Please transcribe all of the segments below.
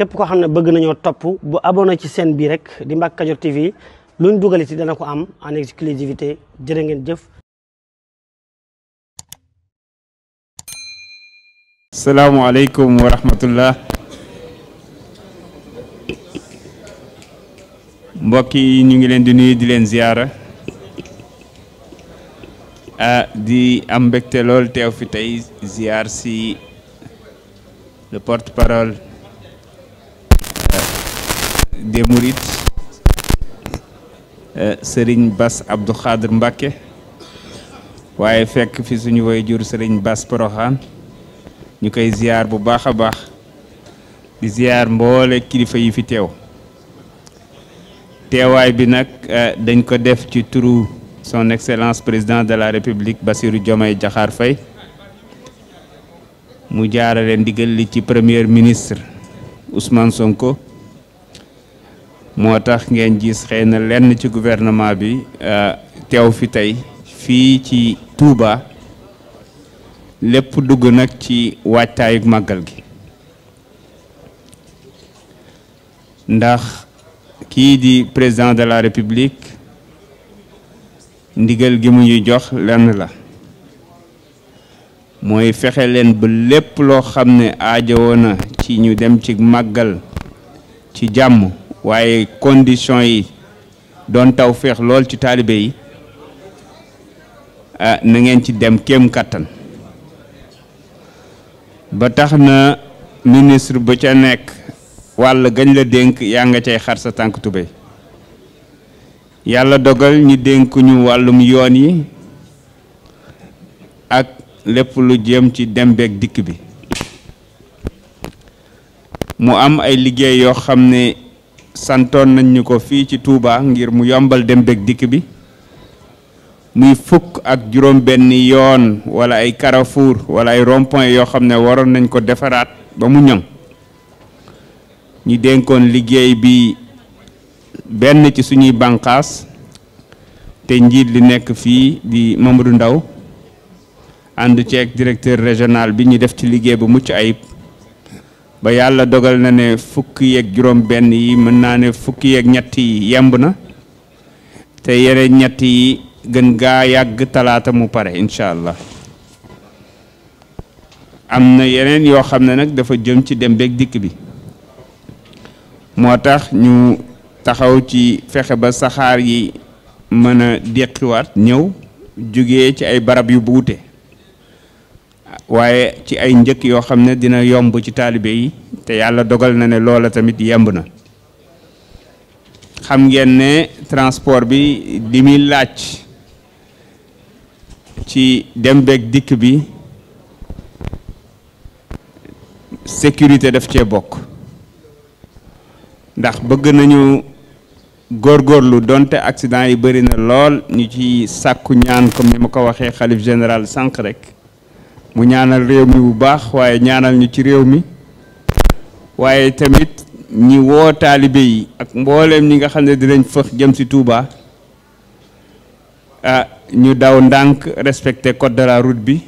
képp koo xam ne bëgg nañoo topp bu abonné ci seen bi rek di Mbacke Kadior TV luñ dugal ci dana ko am en exclusivité jërë ngeen jëf. salaamualeykum wa rahmatullah mbokk yi ñu ngi leen di nuyu di leen ziyaara ah di am mbégte lool teew fi tey ziyaar si le porte-parole. des Mourides euh, Serigne Bass Abdou Khadr Mbacké waaye fekk fi suñu waajur Serigne bas Poroxaan ñu koy ziar bu baax a baax di ziar mboole kilifa yi fi teew teewaay bi nag euh, dañ ko def ci turu son excellence président de la république Bassirou Diomaye jaxaar fay mu jaarale ndigal li ci premier ministre Ousmane Sonko moo tax ngeen gis xëy na lenn ci gouvernement bi euh, teew fi tey fii ci tuuba lépp dugg nag ci waajtaayu màggal gi ndax kii di président de la république ndigal gi mu ñuy jox lenn la mooy fexe leen ba lépp loo xam ne aajowoo na ci ñu dem ci màggal ci jàmm waaye condition yi doon taw féex lool ci taalibe yi ah, na ngeen ci dem kéem kàttan ba tax na ministre ba ca nekk wàll gañ la dénk yaa nga cay xar sa tànk tubéy yàlla dogal ñi dénk ñu wàllum yoon yi ak lépp lu jëm ci dem beeg dikk bi mu am ay liggéey yoo xam ne santoon nañ ñu ko fii ci Touba ngir mu yombal dem bég dikk bi muy fukk ak juróom benn yoon wala ay carrefour wala ay rond yoo xam ne waroon nañ ko defaraat ba mu ñoŋ ñu dénkoon liggéey bi benn ci suñuy banqaas te njiit li nekk fii di Mamadou Ndaw ànd ceeg directeur régional bi ñu def ci liggéey bu mucc ayib ba yàlla dogal na ne fukki yeeg juróom benn yi mën naa ne fukki yeeg ñett yi yemb na te yere ñett yi gën gaa yàgg talaata mu pare incha allah am na yeneen yoo xam ne nag dafa jëm ci dem beeg dikk bi moo tax ñu taxaw ci fexe ba saxaar yi mën a déqiwaat ñëw jóge ci ay barab yu buute waaye ci ay njëkk yoo xam ne dina yomb ci taalibe yi te yàlla dogal na ne loola tamit yemb na xam ngeen ne transport bi li muy laaj ci dem beeg dikk bi sécurité def cee bokk ndax bëgg nañu góor góorgóorlu donte accident yi bari na lool ñu ci sàkku ñaan comme ni ma ko waxee xalif général sànq rek mu ñaanal réew mi bu baax waaye ñaanal ñu ci réew mi waaye tamit ñi woo taalibe yi ak mbooleem ñi nga xam ne dinañ fëx jëm si Touba ah ñu daw ndànk respecté code de la route bi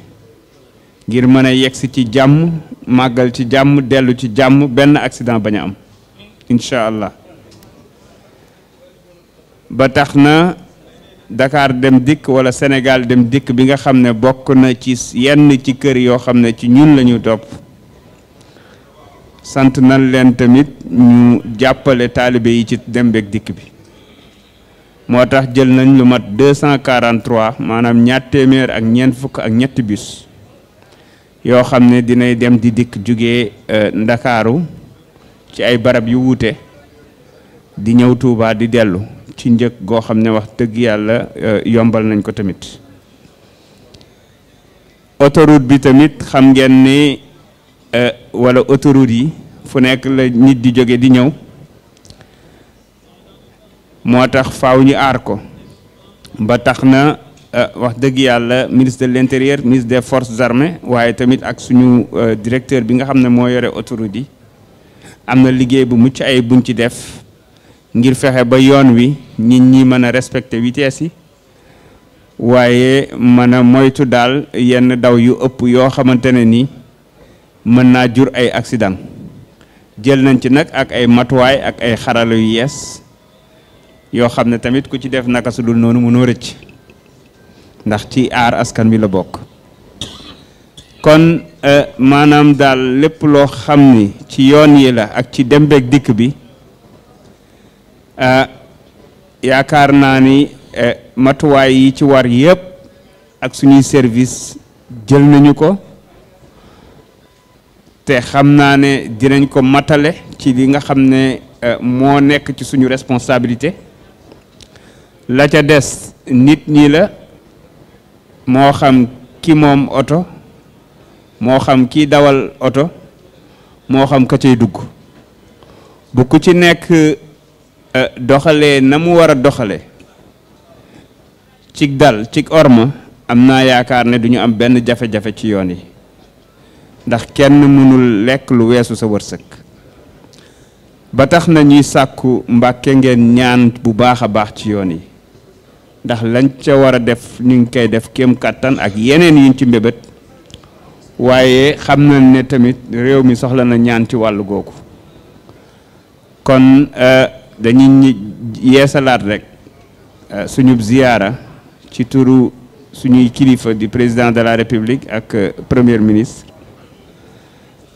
ngir mën a yegsi ci jàmm màggal ci jàmm dellu ci jàmm benn accident bañ a am incha allah ba tax na Dakar dem dikk wala Sénégal dem dikk bi nga xam ne bokk na ci yenn ci kër yoo xam ne ci ñun lañuy topp sant nan leen tamit ñu jàppale taalibe yi ci dem beeg dikk bi moo tax jël nañ lu mat 243 maanaam ñaar téeméer ak ñeent fukk ak ñetti bus yoo xam ne dinay dem di dikk jóge euh, Ndakaaru ci ay barab yu wuute di ñëw Tuubaa di dellu ci njëg goo xam ne wax dëgg yàlla euh, yombal nañ ko tamit autoroute bi tamit xam ngeen ni euh, walla autoroute yi fu nekk la nit di jóge di ñëw moo tax faw ñu aar ko ba tax na euh, wax dëgg yàlla ministre de l'intérieur ministre des forces armées waaye tamit ak suñu directeur bi nga xam ne moo yore autoroute yi am na liggéey bu mucc ay buñ ci def ngir fexe ba yoon wi nit ñi mën a respecter vitesse yi waaye mën a moytu daal yenn daw yu ëpp yoo xamante ne nii mën naa jur ay accident jël nañ ci nag ak ay matuwaay ak ay xarala yu yees yoo xam ne tamit ku ci def naka su dul noonu mënoo rëcc ndax ci aar askan wi la bokk kon eh, maanaam daal lépp loo xam ni ci yoon yi la ak ci dem beeg dikk bi Eh, yaakaar naa ni eh, matuwaay yi ci war yëpp ak suñuy service jël nañu ko te xam naa ne dinañ ko matale ci li nga xam ne eh, moo nekk ci suñu responsabilité la ca des nit ñi la moo xam ki moom oto moo xam ki dawal oto moo xam ka cay dugg bu ku ci nekk Euh, doxalee na mu war a doxale cig dal cig ormo am naa yaakaar ne du ñu am benn jafe-jafe ci yoon yi ndax kenn mënul lekk lu weesu sa wërsëg ba tax na ñuy sàkku mbàkke ngeen ñaan bu baax a baax ci yoon yi ndax lañ ca war a def ñu ngi koy def kéem kàttan ak yeneen yiñ ci mbébét waaye xam nañ ne tamit réew mi soxla na ñaan ci wàllu googu kon euh, dañuy yeesalaat rek euh, suñu ziyaara ci turu suñuy kilifa di président de la république ak euh, premier ministre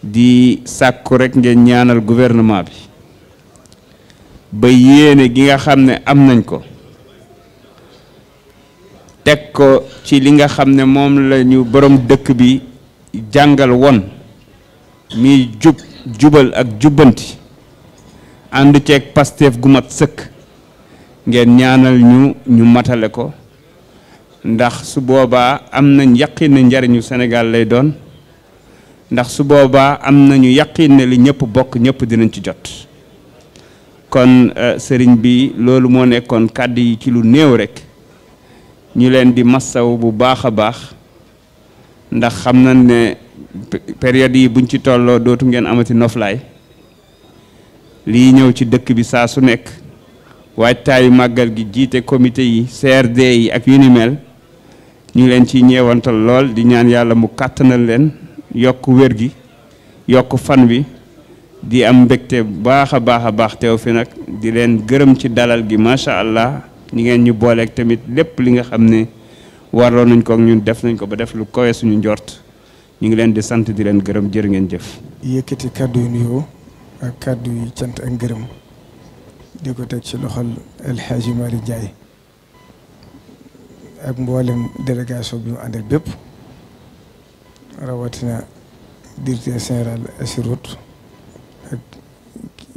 di sàkku rek ngeen ñaanal gouvernement bi ba yéene gi nga xam ne am nañ ko teg ko ci li nga xam ne moom lañu ñu borom dëkk bi jàngal won mi jub jubal ak jubbanti ànd ceeg Pastef gu mat sëkk ngeen ñaanal ñu ñu matale ko ndax su boobaa am nañ yaqin ne njariñu Sénégal lay doon ndax su boobaa am nañu yaqin ne li ñëpp bokk ñëpp dinañ ci jot kon euh, sëriñ bi loolu moo nekkoon kàddu yi ci lu néew rek ñu leen di massaw bu baax a baax ndax xam na ne période yi buñ ci tolloo dootu ngeen amati noflaay lii ñëw ci dëkk bi saa su nekk waajtaayu màggal gi jiite comité yi CRD yi ak yu ni mel ñu ngi leen ci ñeewantal lool di ñaan yàlla mu kàttanal leen yokk wér gi yokk fan wi di am mbégte baax a baax a baax teew fi nag di leen gërëm ci dalal gi macha allah ñi ngeen ñu booleek tamit lépp li nga xam ne waroon nañ ko ak ñun def nañ ko ba def lu kowe suñu njort ñu ngi leen di sant di leen gërëm jër ngeen jëf. yëkkati ak kàddu yi cant ak ngërëm di ko teg ci loxol El Hadji Malick Ndiaye ak mboolem délégation bi mu àndal bépp rawatina directeur général Ageroute ak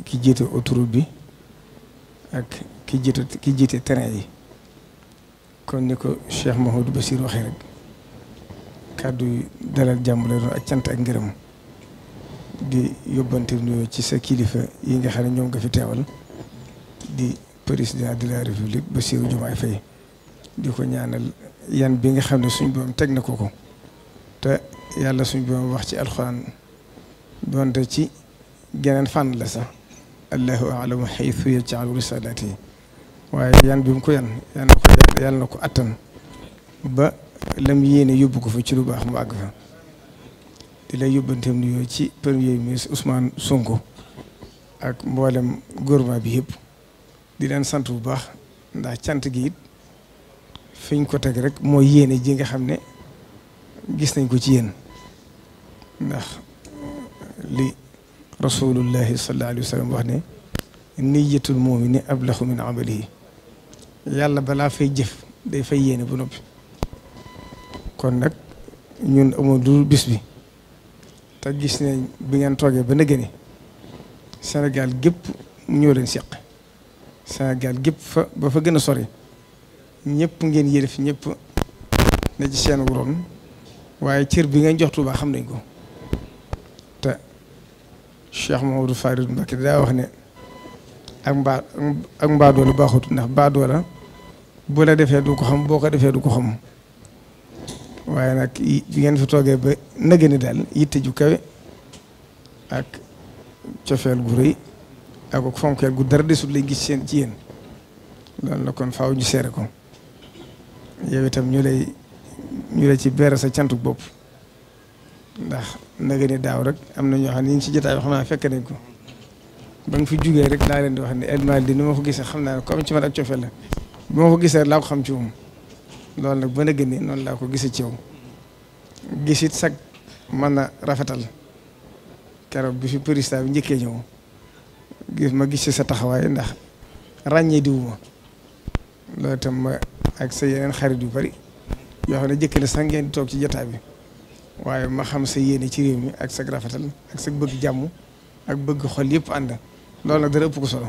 ki jiite autoroute bi ak ki jiite ki jiite terrain yi kon ni ko Cheikh Mahoudou Bassir waxee rek kàddu yi dalal jàmm la doon ak cant ak ngërëm di yóbbante nuyoo ci sa kilifa yi nga xam ne ñoom nga fi teewal di président de la république Bassirou Diomaye Faye di ko ñaanal yan bi nga xam ne suñ boom teg na ko ko te yàlla suñ boom wax ci alxuraan doonte ci geneen fànn la sax allahu alamu xaytu yajcalu risalaati yi waaye yan bi mu ko yan yàlla ko yàlla na ko attan ba lam yéene yóbbu ko fa ci lu baax mu àgg fa di lay yóbbanteem nuyoo ci premier ministre Ousmane Sonko ak mboolem gouvernement bi yëpp di leen sant bu baax ndax cant gi it fiñ ko teg rek mooy yéene ji xam ne gis nañ ko ci yéen ndax li rasulullahi sallallahu alayhi ne sallam wax ne niyatul ab ablahu min amalihi yàlla balaa fay jëf day fay yéene bu noppi kon nag ñun amul dul bis bi te gis ne bi ngeen toogee ba nëgëni Sénégal gépp ñoo leen seq Sénégal gépp fa ba fa gën a sori ñëpp ngeen yërëf ñépp na ci seen wuroon waaye cër bi ngeen jox Tuubaa xam nañ ko te Cheikh Mamadou Farid Mbacké daa wax ne ak mbaa ak mbaadoola baaxut ndax baadoola bu la defee du ko xam boo ko defee du ko xam waaye nag yi ngeen fi toogee ba nëgë ni daal yitte ju kawe ak cofeel gu rëy ak fonkeel gu dara desul lay gis seen ci yéen loolu la kon faaw ñu seere ko yow itam ñu lay ñu lay ci beere sa cantu bopp ndax nëgë ni daaw rek am na ñoo xam ne ñu ci jotaay yoo xam ne nañ ko ba fi jugee rek laa leen di wax ne Edmond di ni ma ko gisee xam naa ne ko am ci man ak cofeel la bi ma ko gisee laa ko xam ci moom. loolu nag ba na génnee noonu laa ko gisee ci yow gisit sag mën na rafetal keroog bi fi président bi njëkkee ñëw gis ma gis ci sa taxawaay ndax ràññee diwu ma loolu ma ak sa yeneen xarit yu bari yoo xam ne jëkk na sax ngeen di toog ci jotaay bi waaye ma xam sa yéene ci réew mi ak sa rafetal ak sa bëgg jàmm ak bëgg xol yépp ànd loolu nag dara ëpp ko solo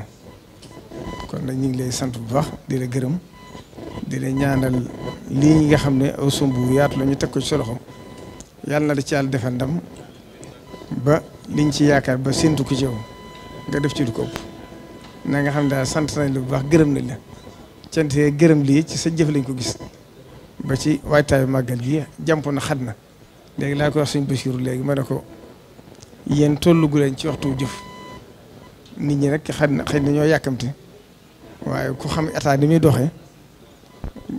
kon nag ñu ngi lay sant bu baax di la gërëm di la ñaanal lii nga xam ne aw sumb bu yaatu la ñu teg ko ci sa loxo yàlla na da ci yàlla defal ndam ba liñ ci yaakaar ba séntu ko ci yow nga def ci du ko ëpp na nga xam ne daal sant nañ la bu baax gërëm nañ la cant yee gërëm lii ci sa jëf lañ ko gis ci waajtaayu màggal gi jàmp na xat na léegi laa ko wax suñ Basiiru léegi ma ne ko yéen tollugu leen ci waxtu jëf nit ñi rek xaj na xëy na ñoo yàkkamte waaye ku xam état ni muy doxee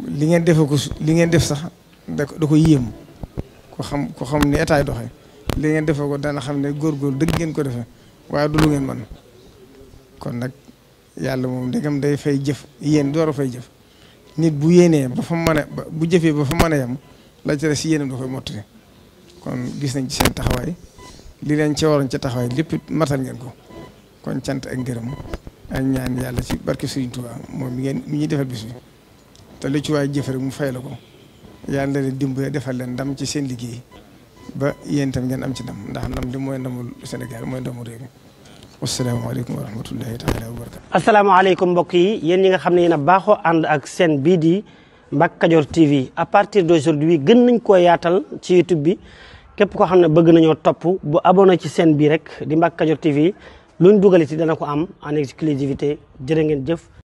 li ngeen defe ko li ngeen def sax da ko da ko yéem ko xam ko xam ni état doxe doxee li ngeen defe ko dana xam ne góorgóor dëgg ngeen ko defee waaye du lu ngeen man kon nag yàlla moom ndegam day fay jëf yéen door a fay jëf nit bu yéenee ba fa mën a bu jëfee ba fa mën a yem la ci si yéenam da koy mottali kon gis nañ ci seen taxawaay li leen ci waroon ca taxawaay lépp matal ngeen ko kon cant ak ngërëm ak ñaan yàlla ci barke Sëriñ Tuubaa moom mi ngeen mi ñuy defal bis bi te lu ci waay jëf rek mu fay la ko yàlla leen dimbale defal leen ndam ci seen liggéey ba yéen itam ngeen am ci ndam ndax ndam li mooy ndamul Sénégal mooy ndamu réew mi wasalaamaaleykum wa rahmatullahi taala asalaamaaleykum mbokk yi yéen ñi nga xam ne yéen a baaxoo ànd ak seen bii di Mbacke Kadior TV à partir d'aujourd'hui gën nañ koo yaatal ci YouTube bi képp koo xam ne bëgg nañoo topp bu abonné ci seen bii rek di Mbacke Kadior TV luñ dugaliti dana ko am en exclusivité jërë ngeen jëf